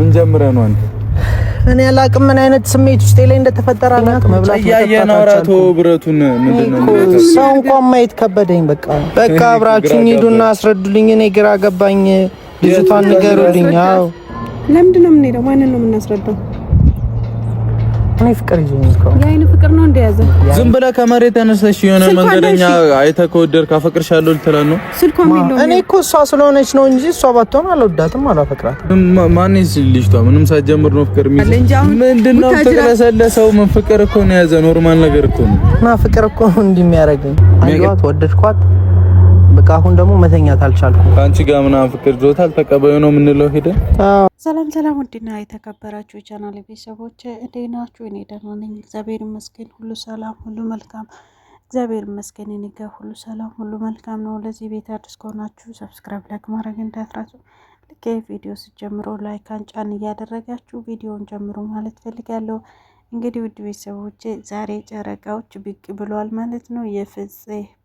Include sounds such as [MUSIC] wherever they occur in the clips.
ምን ጀምረህ ነው አንተ? እኔ አላቅም ምን አይነት ስሜት ውስጥ ላይ እንደተፈጠረ አላቅም። መብላት ያየና አራቶ ብረቱን ምንድነው ሰው እንኳን ማየት ከበደኝ። በቃ በቃ አብራችሁኝ ሂዱና አስረዱልኝ። እኔ ግራ ገባኝ። ልጅቷን ንገሩልኝ። አዎ ለምንድን ነው የምንሄደው? ማንን ነው የምናስረዳው? እኔ ፍቅር ይዞኝ እኮ የአይን ፍቅር ነው እንደያዘ። ዝም ብለህ ከመሬት ተነስተሽ የሆነ መንገደኛ አይተህ ከወደድክ አፈቅርሻለሁ ልትለን ነው። እኔ እኮ እሷ ስለሆነች ነው እንጂ እሷ ባትሆን አልወዳትም፣ አላፈቅራትም። ማንስ ልጅቷ ምንም ሳትጀምር ነው ፍቅር የሚይዘው። ምንድን ነው ፍቅር ለሰለሰው ምን ፍቅር እኮ ነው የያዘ ኖርማል ነገር እኮ ነው። እና ፍቅር እኮ እንዲህ የሚያደርገኝ አንዷት ወደድኳት በቃ አሁን ደግሞ መተኛት አልቻልኩም። ከአንቺ ጋር ምናምን ፍቅር ዞታል ተቀበዩ ነው የምንለው ሄደ። ሰላም ሰላም፣ ውድና የተከበራችሁ የቻናል ቤተሰቦች እንዴት ናችሁ? እኔ ደህና ነኝ፣ እግዚአብሔር ይመስገን። ሁሉ ሰላም፣ ሁሉ መልካም፣ እግዚአብሔር ይመስገን። እኔ ጋር ሁሉ ሰላም፣ ሁሉ መልካም ነው። ለዚህ ቤት አዲስ ከሆናችሁ ሰብስክራይብ፣ ላይክ ማድረግ እንዳትረሱ። ልክ ቪዲዮ ስጀምሮ ላይክ አንጫን እያደረጋችሁ ቪዲዮውን ጀምሮ ማለት ፈልጋለሁ። እንግዲህ ውድ ቤተሰቦች ዛሬ ጨረቃዎች ብቅ ብለዋል ማለት ነው። የፍጽ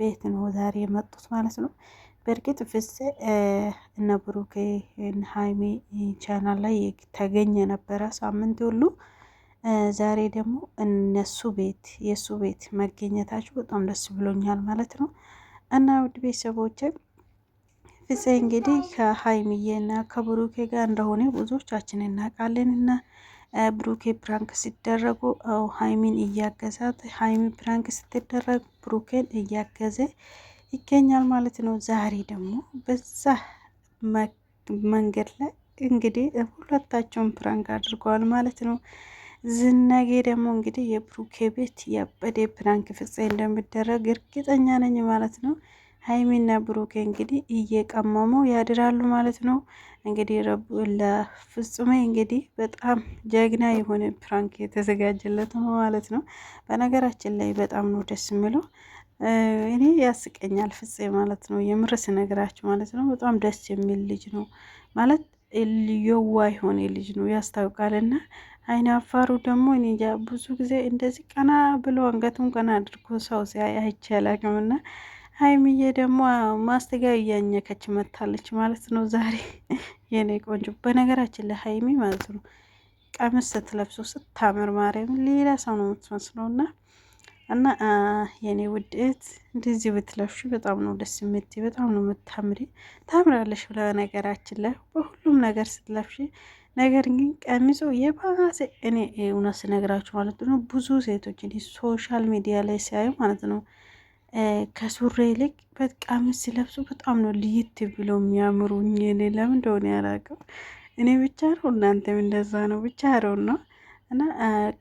ቤት ነው ዛሬ የመጡት ማለት ነው። በእርግጥ ፍጽ እነ ብሩኬ ሀይሜ ቻናል ላይ ተገኘ ነበረ ሳምንት ሁሉ። ዛሬ ደግሞ እነሱ ቤት የእሱ ቤት መገኘታቸው በጣም ደስ ብሎኛል ማለት ነው። እና ውድ ቤተሰቦች ፍጼ እንግዲህ ከሀይሚዬና ከብሩኬ ጋር እንደሆነ ብዙዎቻችን እናውቃለን እና ብሩኬ ፕራንክ ሲደረጉ ሀይሚን እያገዛት ሀይሚ ፕራንክ ስትደረግ ብሩኬን እያገዘ ይገኛል ማለት ነው። ዛሬ ደግሞ በዛ መንገድ ላይ እንግዲህ ሁለታቸውን ፕራንክ አድርገዋል ማለት ነው። ዝናጌ ደግሞ እንግዲህ የብሩኬ ቤት ያበደ ፕራንክ ፍፄ እንደሚደረግ እርግጠኛ ነኝ ማለት ነው። ሀይሚና ብሩኬ እንግዲህ እየቀመሙ ያድራሉ ማለት ነው። እንግዲህ ረቡ ለፍጹሜ እንግዲህ በጣም ጀግና የሆነ ፕራንክ የተዘጋጀለት ነው ማለት ነው። በነገራችን ላይ በጣም ነው ደስ የሚለው። እኔ ያስቀኛል ፍፄ ማለት ነው። የምር ስነግራችሁ ማለት ነው። በጣም ደስ የሚል ልጅ ነው ማለት የዋ የሆነ ልጅ ነው ያስታውቃል። እና አፋሩ ደግሞ እኔ እንጃ ብዙ ጊዜ እንደዚህ ቀና ብሎ አንገቱን ቀና አድርጎ ሰው ሲያይ አይቼ አላውቅም ሀይሚዬ ደግሞ ማስተጋ እያኘከች መታለች ማለት ነው ዛሬ የኔ ቆንጆ። በነገራችን ላይ ሀይሚ ማለት ነው ቀሚስ ስትለብሱ ስታምር ማርያም ሌላ ሰው ነው የምትመስለው እና እና የኔ ውድት እንደዚህ ብትለብሽ በጣም ነው ደስ የምት በጣም ነው የምታምሪ ታምራለሽ። በነገራችን ላይ በሁሉም ነገር ስትለብሽ ነገር ግን ቀሚሶ የባሰ እኔ እውነት ስነግራችሁ ማለት ነው ብዙ ሴቶችን ሶሻል ሚዲያ ላይ ሲያዩ ማለት ነው ከሱሪ ይልቅ በቃ ምስ ለብሱ በጣም ነው ልይት ብለው የሚያምሩኝ። እኔ ለምን እንደሆነ ያላቀው እኔ ብቻ ነው እናንተም እንደዛ ነው ብቻ ነው ነው እና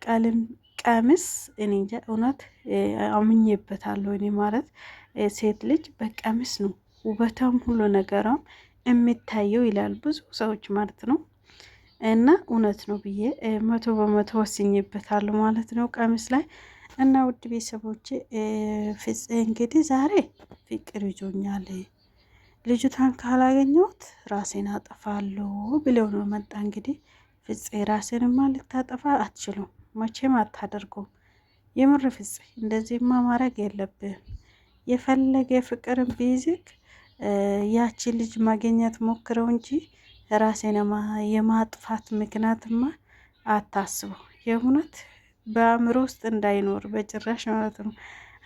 ቃልም ቀሚስ እኔ እንጃ እውነት አምኜበታለሁ። እኔ ማለት ሴት ልጅ በቀሚስ ነው ውበቷም ሁሉ ነገሯም የሚታየው ይላል ብዙ ሰዎች ማለት ነው። እና እውነት ነው ብዬ መቶ በመቶ ወስኜበታለሁ ማለት ነው ቀሚስ ላይ እና ውድ ቤተሰቦች እንግዲህ ዛሬ ፍቅር ይዞኛል፣ ልጅቷን ካላገኘሁት ራሴን አጠፋለሁ ብለው ነው መጣ። እንግዲህ ፍፄ ራሴንማ ልታጠፋ አትችሉም፣ መቼም አታደርጉም። የምር ፍፄ እንደዚህማ ማድረግ የለብህም። የፈለገ ፍቅርን ቢይዝክ ያቺ ልጅ ማግኘት ሞክረው እንጂ ራሴን የማጥፋት ምክንያትማ አታስቡ የእውነት በአእምሮ ውስጥ እንዳይኖር በጭራሽ ማለት ነው።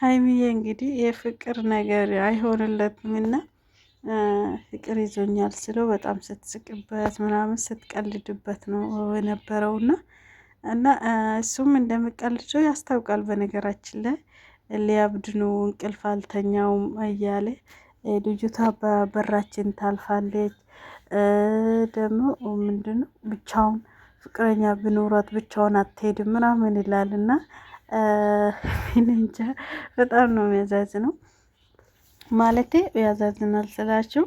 ሀይሚዬ እንግዲህ የፍቅር ነገር አይሆንለትም እና ፍቅር ይዞኛል ስለው በጣም ስትስቅበት ምናምን ስትቀልድበት ነው የነበረውና እና እሱም እንደምቀልደው ያስታውቃል። በነገራችን ላይ ሊያብድ ነው እንቅልፍ አልተኛውም እያለ ልጅቷ በበራችን ታልፋለች ደግሞ ምንድነው ብቻውን ፍቅረኛ ብኖራት ብቻውን አትሄድም ምናምን ይላል እና እንጃ በጣም ነው የሚያዛዝነው። ማለቴ ያዛዝናል ስላችሁ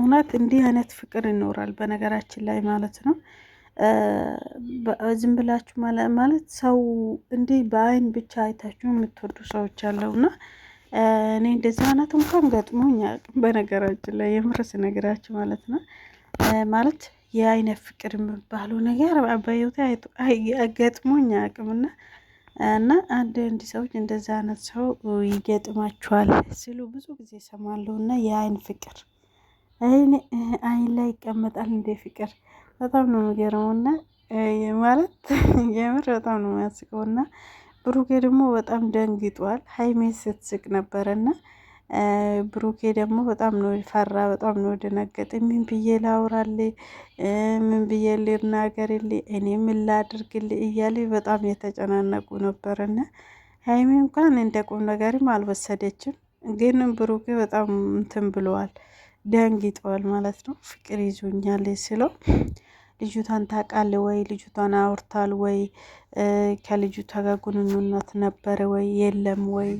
እውነት እንዲህ አይነት ፍቅር ይኖራል በነገራችን ላይ ማለት ነው። ዝም ብላችሁ ማለት ሰው እንዲህ በአይን ብቻ አይታችሁ የምትወዱ ሰዎች አለው አለውና እኔ እንደዚህ አይነት እንኳን ገጥሞኝ በነገራችን ላይ የምር ስነግራችሁ ማለት ነው ማለት የአይነት ፍቅር የሚባለው ነገር በህይወቴ ገጥሞኝ አያውቅምና እና አንዳንድ ሰዎች እንደዛ አይነት ሰው ይገጥማቸዋል ሲሉ ብዙ ጊዜ ሰማለሁ። እና የአይን ፍቅር አይን ላይ ይቀመጣል እንደ ፍቅር በጣም ነው የሚገርመው። እና ማለት የምር በጣም ነው የሚያስቀው። እና ብሩኬ ደግሞ በጣም ደንግጧል። ሀይሜ ስትስቅ ነበረ እና ብሩኬ ደግሞ በጣም ነው ፈራ፣ በጣም ነው ደነገጠ። ምን ብዬ ላውራሌ፣ ምን ብዬ ልናገርሌ፣ እኔ ምን ላድርግሌ እያለ በጣም የተጨናነቁ ነበርና ሀይሚ እንኳን እንደ ቁም ነገርም አልወሰደችም። ግን ብሩኬ በጣም እንትን ብለዋል፣ ደንግጠዋል ማለት ነው። ፍቅር ይዞኛል ስለው ልጅቷን ታውቃል ወይ? ልጅቷን አውርታል ወይ? ከልጅቷ ጋር ግንኙነት ነበረ ወይ የለም ወይ?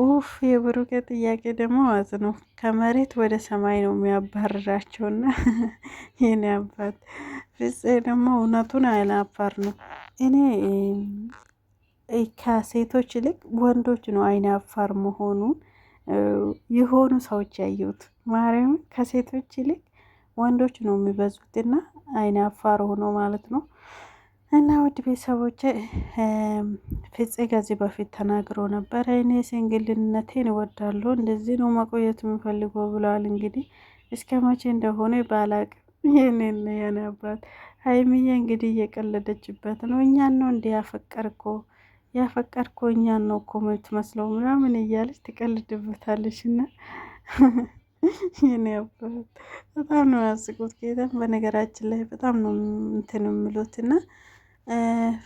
ውፍ የብሩኬ ጥያቄ ደግሞ ማለት ነው። ከመሬት ወደ ሰማይ ነው የሚያባርራቸውና ይህን [LAUGHS] ያባት ፍፄ ደግሞ እውነቱን አይናፋር ነው። እኔ ከሴቶች ይልቅ ወንዶች ነው አይናፋር መሆኑን የሆኑ ሰዎች ያየሁት። ማርያም ከሴቶች ይልቅ ወንዶች ነው የሚበዙትና አይነ አፋር ሆኖ ማለት ነው። እና ውድ ቤተሰቦች ፍፄ ከዚህ በፊት ተናግሮ ነበር። እኔ ሲንግልነቴን እወዳለሁ፣ እንደዚህ ነው መቆየት የምፈልገው ብለዋል። እንግዲህ እስከ መቼ እንደሆነ ባላቅ ይህንን የኔ አባት ሀይሚዬ እንግዲህ እየቀለደችበት ነው። እኛን ነው እንዲ ያፈቀርኮ ያፈቀርኮ እኛን ነው እኮ የምትመስለው ምናምን እያለች ትቀልድበታለች እና የኔ አባት በጣም ነው ያስቁት። ጌታም በነገራችን ላይ በጣም ነው እንትን የምሉት እና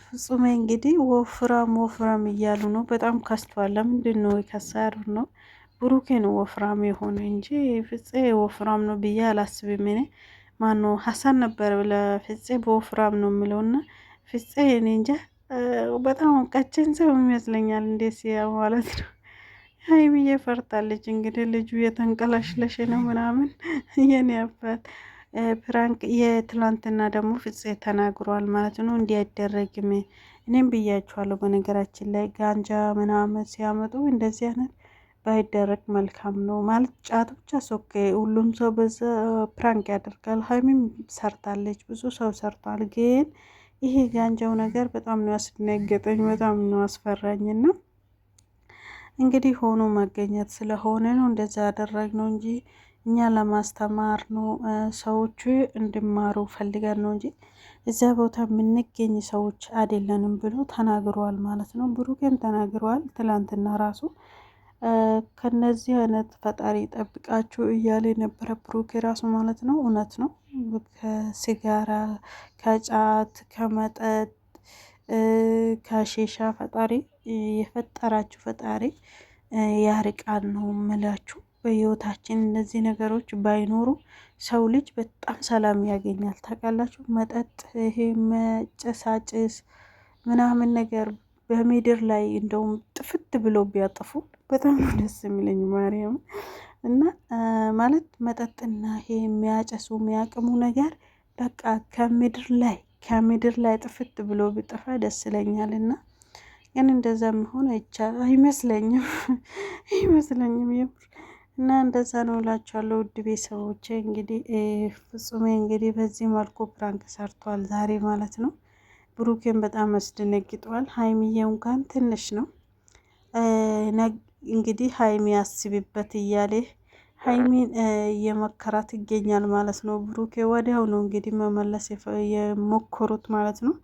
ፍጹሜ እንግዲህ ወፍራም ወፍራም እያሉ ነው። በጣም ከስቷል። ለምንድን ነው ከሳሩ ነው ብሩኬ ነው ወፍራም የሆነ እንጂ ፍፄ ወፍራም ነው ብዬ አላስብም። እኔ ማነው ሀሳን ነበር ለፍፄ በወፍራም ነው የምለውና ፍፄ እኔ እንጃ በጣም ቀጭን ሰው ይመስለኛል። እንዴት ማለት ነው ሀይሚዬ ፈርታለች። እንግዲህ ልጁ የተንቀላሽለሽ ነው ምናምን የኔ አባት ፕራንክ የትላንትና ደግሞ ፍጽ ተናግሯል ማለት ነው። እንዲህ አይደረግም። እኔም ብያችኋለሁ። በነገራችን ላይ ጋንጃ ምናምን ሲያመጡ እንደዚህ አይነት ባይደረግ መልካም ነው ማለት ጫት ብቻ ሶኬ ሁሉም ሰው በዛ ፕራንክ ያደርጋል። ሀይሚም ሰርታለች፣ ብዙ ሰው ሰርቷል። ግን ይሄ ጋንጃው ነገር በጣም ነው ያስደነገጠኝ፣ በጣም ነው ነው። እንግዲህ ሆኖ መገኘት ስለሆነ ነው ያደረግ ያደረግነው እንጂ እኛ ለማስተማር ነው፣ ሰዎቹ እንዲማሩ ፈልገን ነው እንጂ እዚያ ቦታ የምንገኝ ሰዎች አይደለንም ብሎ ተናግሯል ማለት ነው። ብሩኬም ተናግሯል። ትላንትና ራሱ ከነዚህ አይነት ፈጣሪ ጠብቃችሁ እያለ የነበረ ብሩኬ ራሱ ማለት ነው። እውነት ነው። ከሲጋራ ከጫት ከመጠጥ ከሼሻ ፈጣሪ የፈጠራችሁ ፈጣሪ ያርቃል ነው ምላችሁ በህይወታችን እነዚህ ነገሮች ባይኖሩ ሰው ልጅ በጣም ሰላም ያገኛል። ታውቃላችሁ፣ መጠጥ፣ ይሄ መጨሳጭስ ምናምን ነገር በምድር ላይ እንደውም ጥፍት ብሎ ቢያጠፉ በጣም ደስ የሚለኝ ማርያም እና ማለት መጠጥና ይሄ የሚያጨሱ የሚያቅሙ ነገር በቃ ከምድር ላይ ከምድር ላይ ጥፍት ብሎ ቢጠፋ ደስ ይለኛል እና ግን እንደዛ መሆን አይቻል አይመስለኝም [LAUGHS] አይመስለኝም የምር እና እንደዛ ነው እላችኋለሁ። ውድ ቤተሰቦቼ እንግዲህ ፍጹሜ እንግዲህ በዚህ መልኩ ፕራንክ ሰርቷል ዛሬ ማለት ነው። ብሩኬን በጣም አስደነግጠዋል። ሀይሚዬ እንኳን ትንሽ ነው እንግዲህ ሀይሚ ያስብበት እያሌ ሀይሚን እየመከራት ይገኛል ማለት ነው። ብሩኬ ወዲያው ነው እንግዲህ መመለስ የሞከሩት ማለት ነው።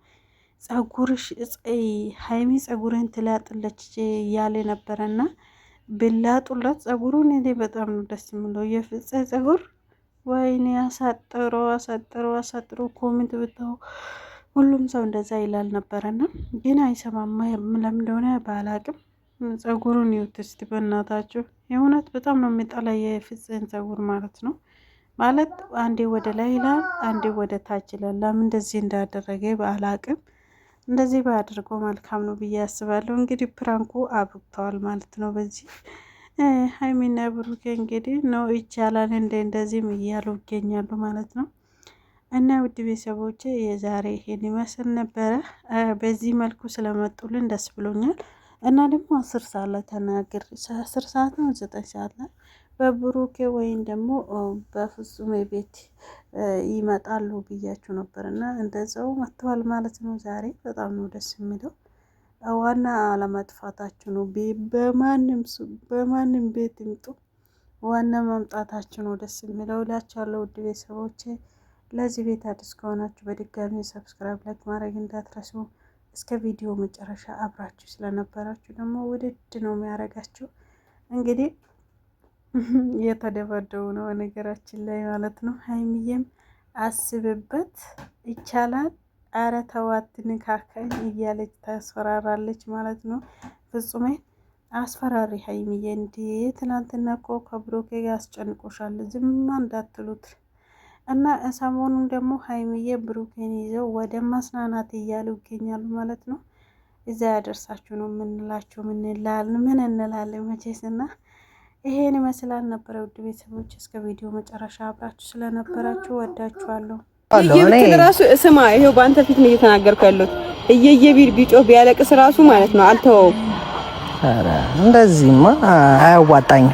ጸጉርሽ ሀይሚ ጸጉርን ትላጥለች እያለ ነበረ ነበረና ብላጡለት ጸጉሩን እኔ በጣም ነው ደስ የምለው የፍጸ ጸጉር ወይኔ አሳጥሮ አሳጥሮ አሳጥሮ ኮሚንት ብታው ሁሉም ሰው እንደዛ ይላል ነበረና ግን አይሰማማ ለምን እንደሆነ ባላቅም ጸጉሩን ይዩት እስቲ በእናታችሁ። የእውነት በጣም ነው የሚጠላ የፍጽን ጸጉር ማለት ነው። ማለት አንዴ ወደ ላይ ይላል፣ አንዴ ወደ ታች ይላል። ለምን እንደዚህ እንዳደረገ በአላቅም። እንደዚህ ባያደርገው መልካም ነው ብዬ አስባለሁ። እንግዲህ ፕራንኩ አብቅተዋል ማለት ነው። በዚህ ሀይሚና ብሩኬ እንግዲህ ነው ይቻላል እንደ እንደዚህም እያሉ ይገኛሉ ማለት ነው። እና ውድ ቤተሰቦቼ የዛሬ ይሄን ይመስል ነበረ። በዚህ መልኩ ስለመጡልን ደስ ብሎኛል። እና ደግሞ አስር ሰዓት ላይ ተናግር አስር ሰዓት ነው ዘጠኝ ሰዓት ላይ በብሩኬ ወይም ደግሞ በፍጹም ቤት ይመጣሉ ብያችሁ ነበር እና እንደዛው መጥተዋል ማለት ነው። ዛሬ በጣም ነው ደስ የሚለው። ዋና አለመጥፋታችሁ ነው። በማንም ቤት ይምጡ፣ ዋና መምጣታችሁ ነው ደስ የሚለው እላችኋለሁ። ውድ ቤተሰቦቼ ለዚህ ቤት አዲስ ከሆናችሁ በድጋሚ ሰብስክራይብ፣ ላይክ ማድረግ እንዳትረሱ። እስከ ቪዲዮ መጨረሻ አብራችሁ ስለነበራችሁ ደግሞ ውድድ ነው የሚያደርጋችሁ። እንግዲህ [LAUGHS] የተደባደቡ ነው ነገራችን ላይ ማለት ነው። ሀይሚዬም አስብበት ይቻላል፣ አረ ተዋት ንካከኝ እያለች ታስፈራራለች ማለት ነው። ፍጹሜ አስፈራሪ ሀይሚዬ፣ እንዴ ትናንትና እኮ ከብሮኬ ያስጨንቆሻል፣ ዝማ እንዳትሉት እና ሰሞኑን ደግሞ ሀይሚዬ ብሩኬን ይዘው ወደ ማጽናናት እያሉ ይገኛሉ ማለት ነው። እዛ ያደርሳችሁ ነው የምንላችሁ። ምንላል ምን እንላለን መቼስ እና ይሄን ይመስላል ነበረ። ውድ ቤተሰቦች እስከ ቪዲዮ መጨረሻ አብራችሁ ስለነበራችሁ ወዳችኋለሁ። ራሱ ስማ፣ ይሄው በአንተ ፊት ነው እየተናገርኩ ያለሁት። እየየ ቢል ቢጮህ ቢያለቅስ ራሱ ማለት ነው አልተወውም። እንደዚህማ አያዋጣኝም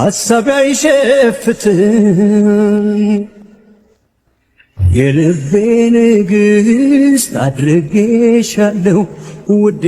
ሐሳብ አይሸፍትም የልቤ ንግሥት አድርጌሻለሁ ውዴ